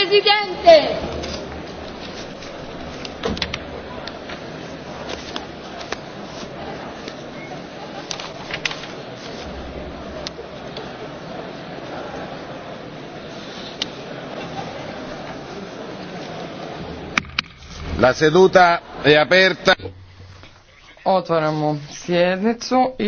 Presidente! La seduta è aperta. Otvaramo sjednicu i